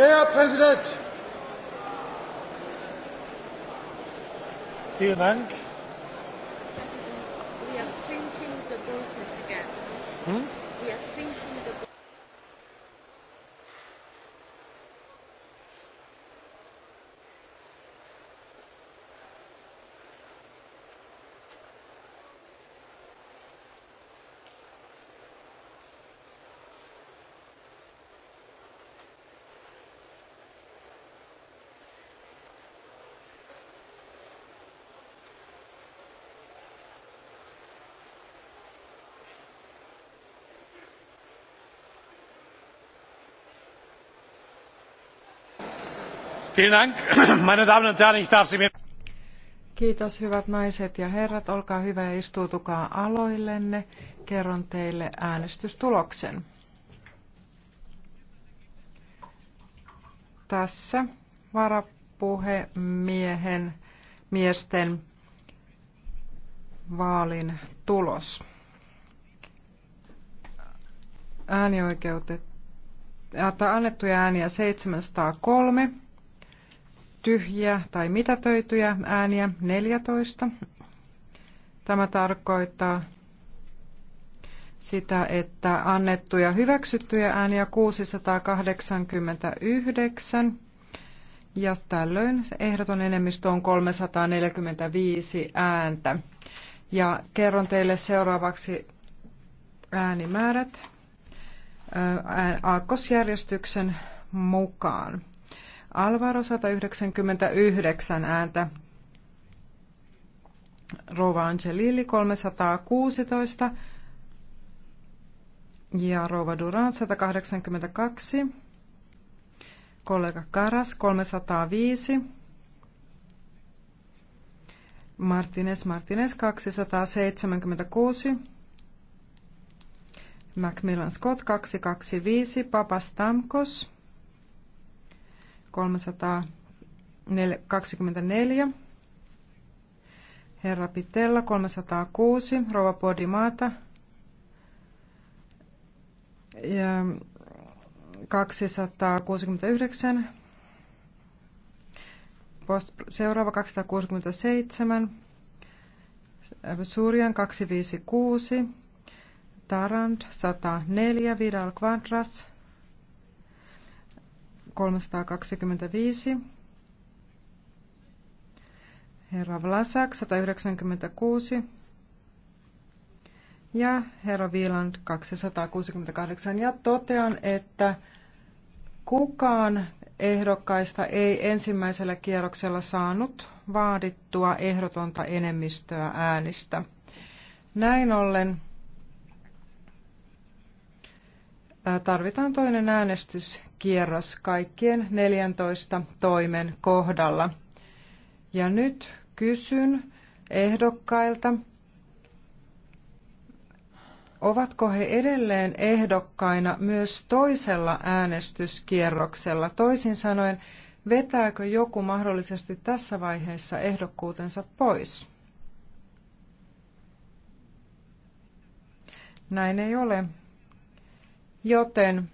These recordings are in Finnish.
Herr Präsident! Vielen Dank. President, we are printing the bulletins again. Hmm? Kiitos hyvät naiset ja herrat, olkaa hyvä ja istuutukaa aloillenne. Kerron teille äänestystuloksen. Tässä varapuhemiehen miesten vaalin tulos. Äänioikeutet, annettuja ääniä 703, tyhjiä tai mitätöityjä ääniä 14. Tämä tarkoittaa sitä, että annettuja hyväksyttyjä ääniä 689 ja tällöin ehdoton enemmistö on 345 ääntä. Ja kerron teille seuraavaksi äänimäärät aakkosjärjestyksen mukaan. Alvaro 199 ääntä. Rova Angelilli 316 ja Rova Durant 182. Kollega Karas 305. Martinez Martinez 276. Macmillan Scott 225. Papastamkos 324. Herra Pitella 306, Rova Podimata ja 269, Post, seuraava 267, Surjan 256, Tarand 104, Vidal Quadras 325. Herra Vlasak 196. Ja herra Wieland 268. Ja totean, että kukaan ehdokkaista ei ensimmäisellä kierroksella saanut vaadittua ehdotonta enemmistöä äänistä. Näin ollen tarvitaan toinen äänestyskierros kaikkien 14 toimen kohdalla. Ja nyt kysyn ehdokkailta, ovatko he edelleen ehdokkaina myös toisella äänestyskierroksella? Toisin sanoen, vetääkö joku mahdollisesti tässä vaiheessa ehdokkuutensa pois? Näin ei ole. Joten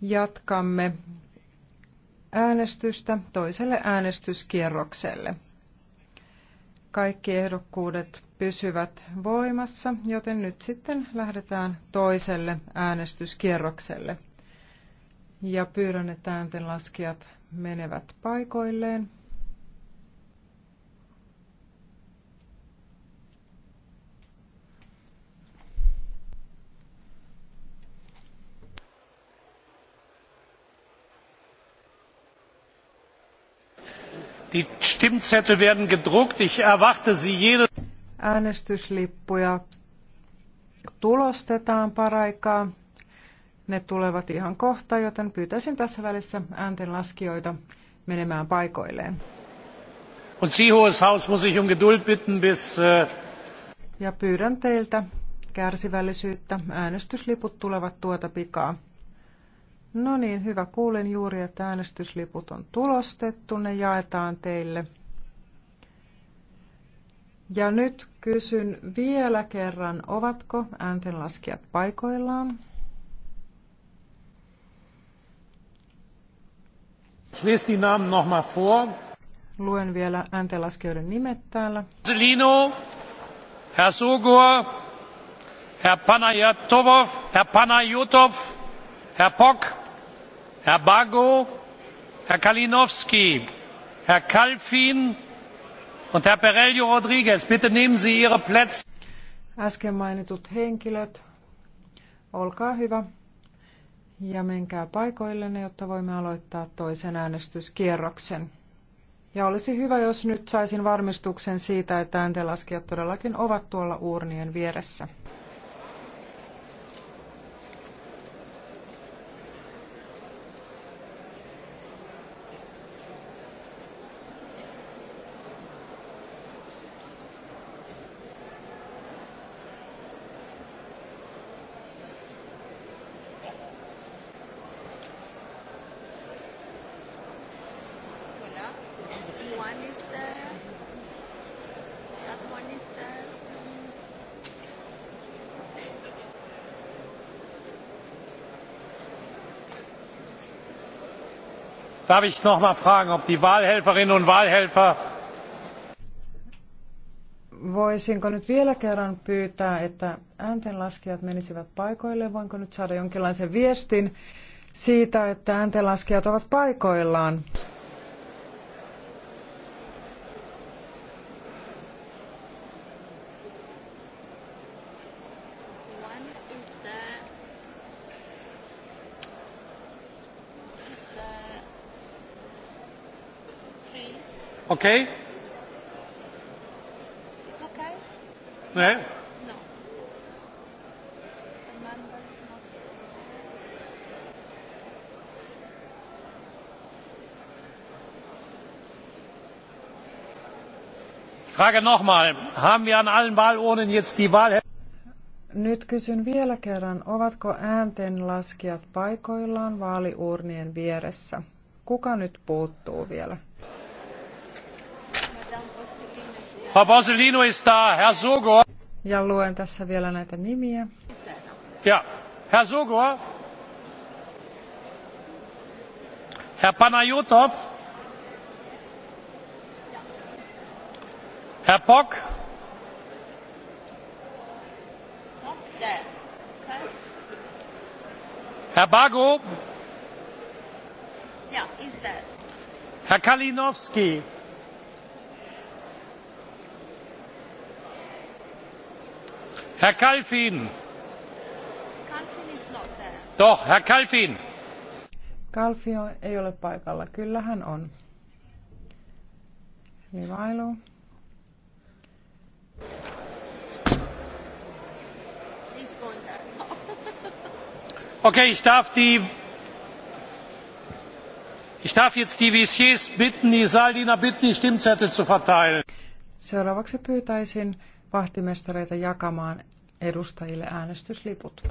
jatkamme äänestystä toiselle äänestyskierrokselle. Kaikki ehdokkuudet pysyvät voimassa, joten nyt sitten lähdetään toiselle äänestyskierrokselle. Ja pyydän, että ääntenlaskijat menevät paikoilleen. Die Stimmzettel werden gedruckt. Ich erwarte Sie jede... Äänestyslippuja tulostetaan paraikaa. Ne tulevat ihan kohta, joten pyytäisin tässä välissä ääntenlaskijoita menemään paikoilleen. Und Sie, hohes Haus, muss ich um Geduld bitten bis... Äh, ja pyydän teiltä kärsivällisyyttä. Äänestysliput tulevat tuota pikaa. No niin, hyvä. Kuulen juuri, että äänestysliput on tulostettu. Ne jaetaan teille. Ja nyt kysyn vielä kerran, ovatko ääntenlaskijat paikoillaan? Luen vielä ääntenlaskijoiden nimet täällä. Selino, Herr Sogor, Herr Panajatov, Herr Panajutov, Herr Pock, herr bago herr kalinowski herr kalfin und herr perello rodriguez bitte nehmen sie ihre plätze. äsken mainitut henkilöt olkaa hyvä ja menkää paikoillenne jotta voimme aloittaa toisen äänestyskierroksen. Ja olisi hyvä, jos nyt saisin varmistuksen siitä, että ääntenlaskijat todellakin ovat tuolla uurnien vieressä. darf ich noch einmal fragen ob die wahlhelferinnen und wahlhelfer Voisinko nyt vielä kerran pyytää, että ääntenlaskijat menisivät paikoille? Voinko nyt saada jonkinlaisen viestin siitä, että ääntenlaskijat ovat paikoillaan? Okay? It's okay? Eh? No. Yeah? Frage nochmal, haben wir an allen Wahlurnen jetzt die Wahl... Nyt kysyn vielä kerran, ovatko ääntenlaskijat paikoillaan vaaliurnien vieressä? Kuka nyt puuttuu vielä? Frau Borsellino ist da, Herr Sogor. Ja luen tässä vielä näitä nimiä. Ja, Herr Sogor. Herr Panayotov. Herr Bock. Herr Bago. Ja, ist er. Herr Kalinowski. herr kalfin! doch herr kalfin! ei ole paikalla. kyllä hän on. livailu. Okay, ich darf die ich darf jetzt die Visiers bitten, die Saaldiener bitten, die Stimmzettel zu verteilen. Seuraavaksi pyytäisin vahtimestareita jakamaan edustajille äänestysliput.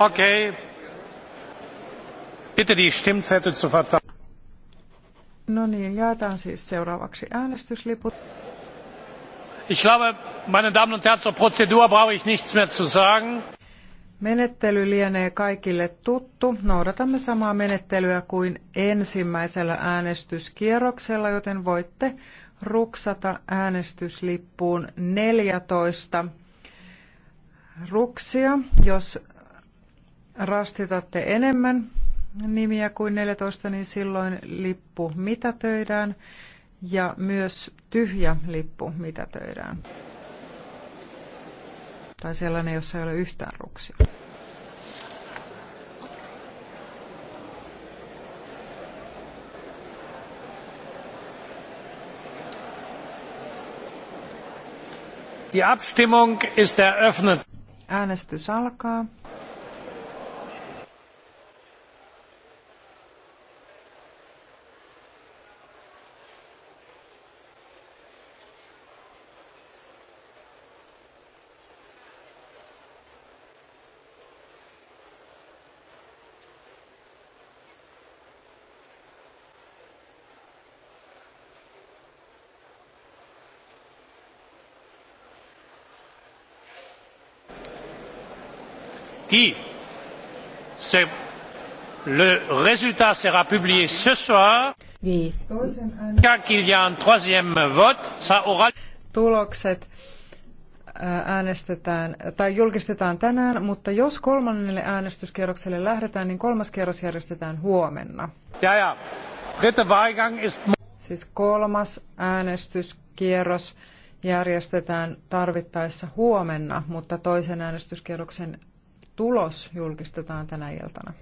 Okay. Bitte die Stimmzettel zu verteilen. No niin, jaetaan siis seuraavaksi äänestysliput. Ich glaube, meine Damen und Herren, zur Prozedur brauche ich nichts mehr zu sagen. Menettely lienee kaikille tuttu. Noudatamme samaa menettelyä kuin ensimmäisellä äänestyskierroksella, joten voitte ruksata äänestyslippuun 14 ruksia, jos rastitatte enemmän nimiä kuin 14, niin silloin lippu mitätöidään ja myös tyhjä lippu mitätöidään. Tai sellainen, jossa ei ole yhtään ruksia. Die Abstimmung ist eröffnet. Äänestys alkaa. qui c'est le résultat sera publié ce soir. Qu'il y a un troisième vote, ça aura... Tulokset äh, äänestetään tai julkistetaan tänään, mutta jos kolmannelle äänestyskierrokselle lähdetään, niin kolmas kierros järjestetään huomenna. Ja, ja. Dritte Wahlgang ist... Siis kolmas äänestyskierros järjestetään tarvittaessa huomenna, mutta toisen äänestyskierroksen tulos julkistetaan tänä iltana.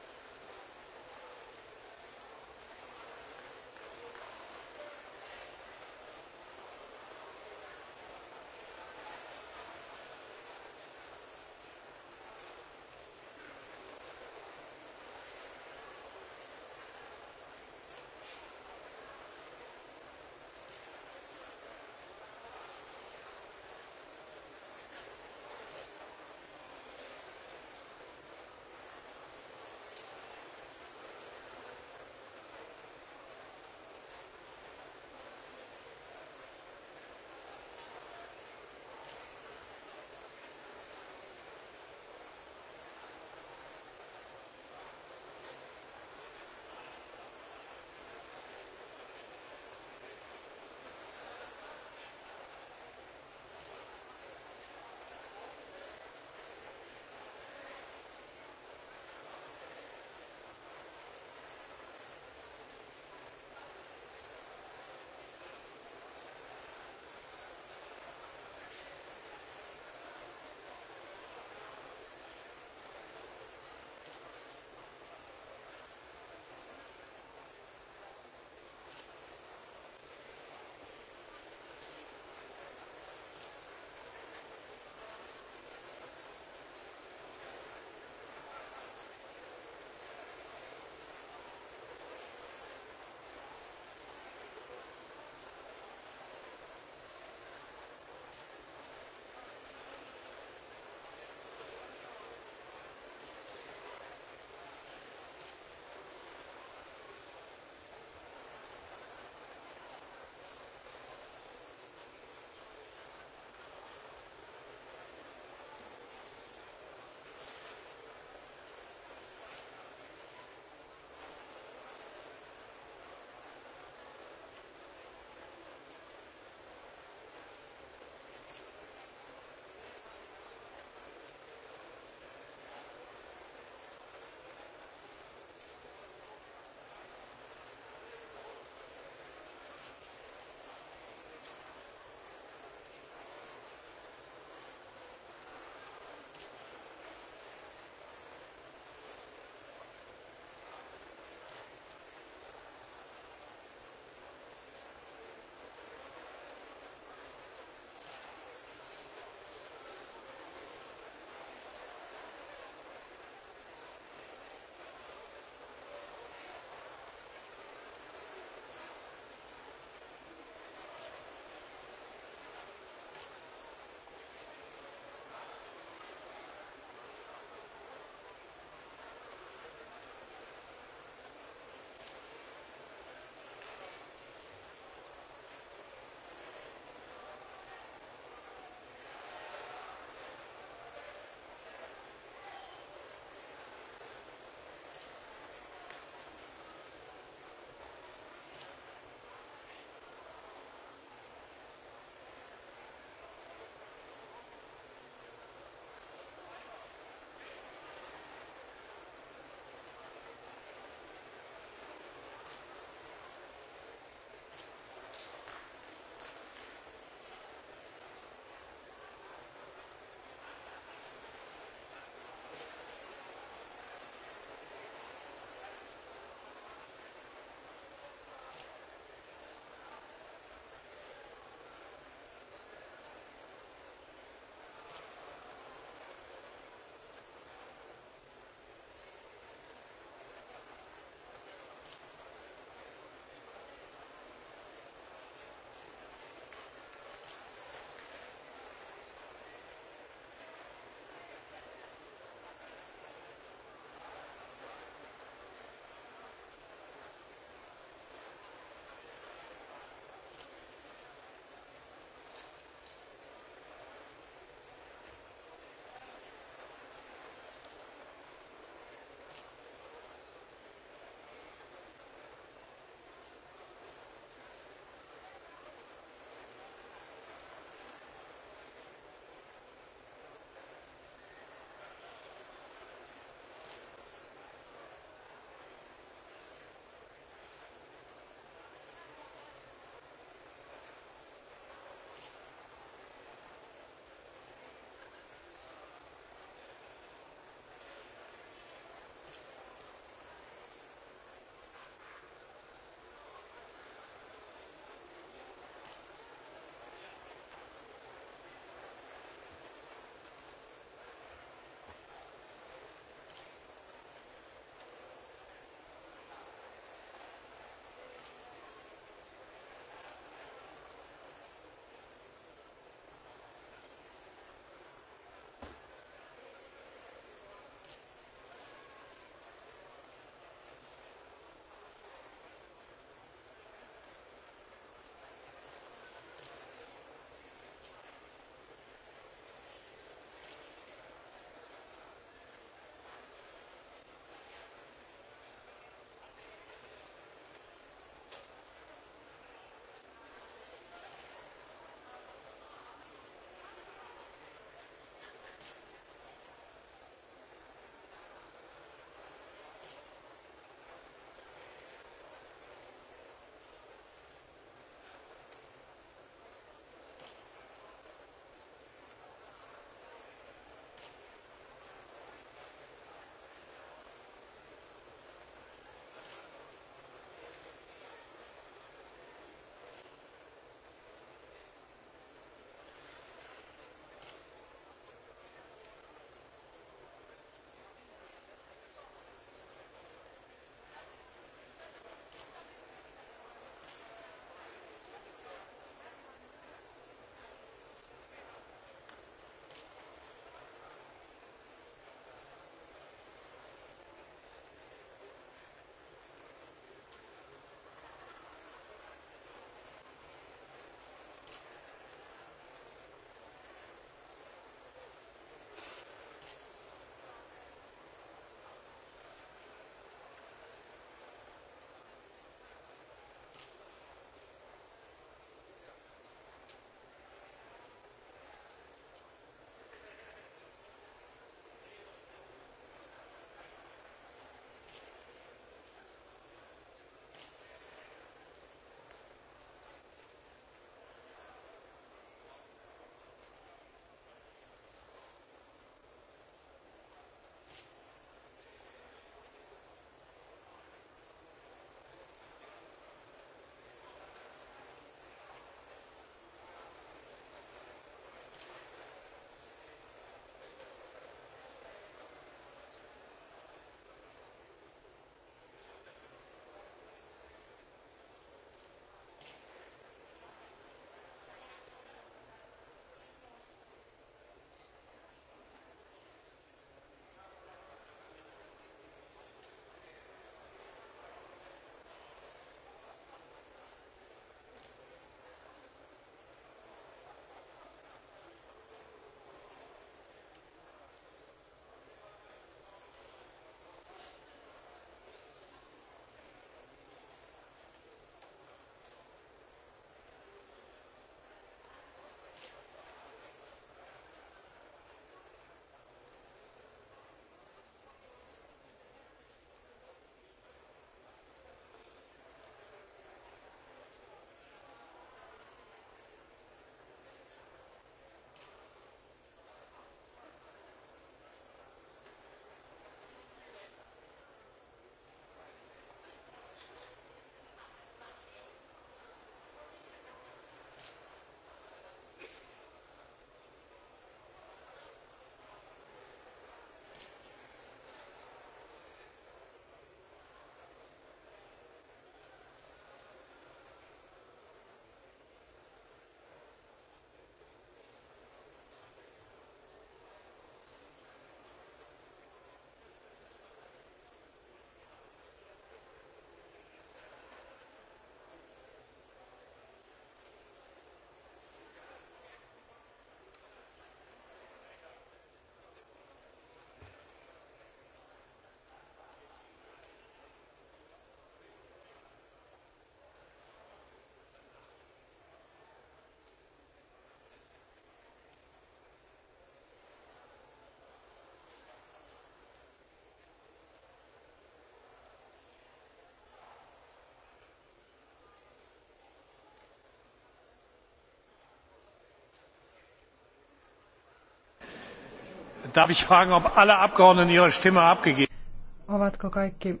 Ovatko kaikki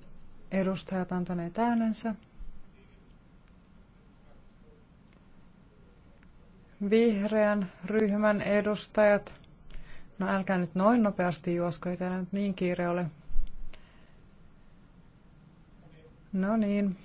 edustajat antaneet äänensä? Vihreän ryhmän edustajat. No älkää nyt noin nopeasti juosko, ei täällä nyt niin kiire ole. No niin.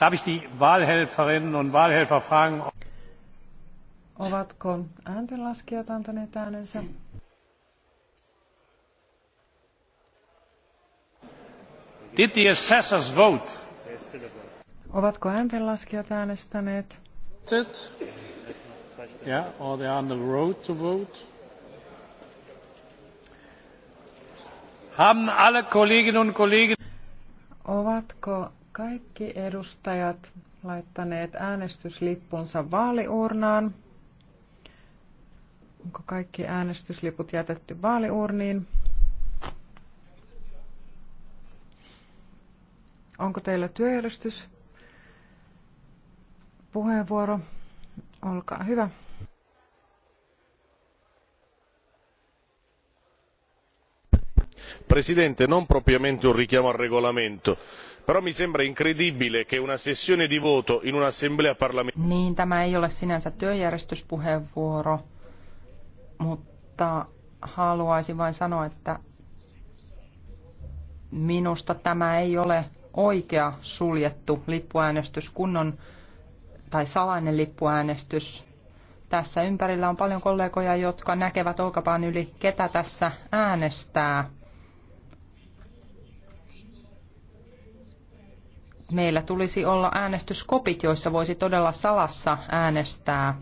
Darf ich die Wahlhelferinnen und Wahlhelfer fragen? Ovatko ääntenlaskijat antaneet äänensä? Did the assessors vote? Ovatko ääntenlaskijat äänestäneet? Yeah, or they are on the road to vote. Haben alle Kolleginnen und Kollegen Ovatko kaikki edustajat laittaneet äänestyslippunsa vaaliurnaan? Onko kaikki äänestysliput jätetty vaaliurniin? Onko teillä työjärjestys? Puheenvuoro, olkaa hyvä. presidente non propriamente un richiamo al regolamento però mi sembra incredibile che una sessione di voto in un'assemblea parlamentare. niin tämä ei ole sinänsä työjärjestyspuheenvuoro mutta haluaisin vain sanoa että minusta tämä ei ole oikea suljettu lippuäänestys kunnon tai salainen lippuäänestys tässä ympärillä on paljon kollegoja, jotka näkevät olkapaan yli, ketä tässä äänestää. meillä tulisi olla äänestyskopit, joissa voisi todella salassa äänestää.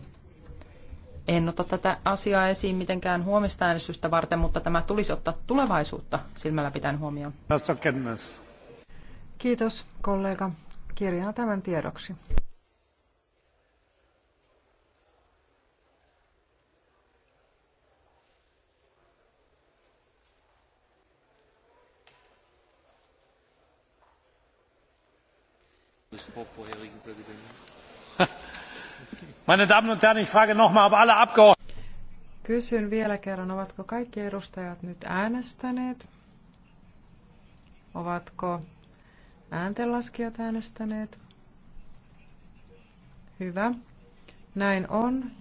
En ota tätä asiaa esiin mitenkään huomista äänestystä varten, mutta tämä tulisi ottaa tulevaisuutta silmällä pitäen huomioon. Kiitos kollega. Kirjaan tämän tiedoksi. Meine Damen und Herren, ich frage ob alle Abgeordneten... Kysyn vielä kerran, ovatko kaikki edustajat nyt äänestäneet? Ovatko ääntenlaskijat äänestäneet? Hyvä. Näin on.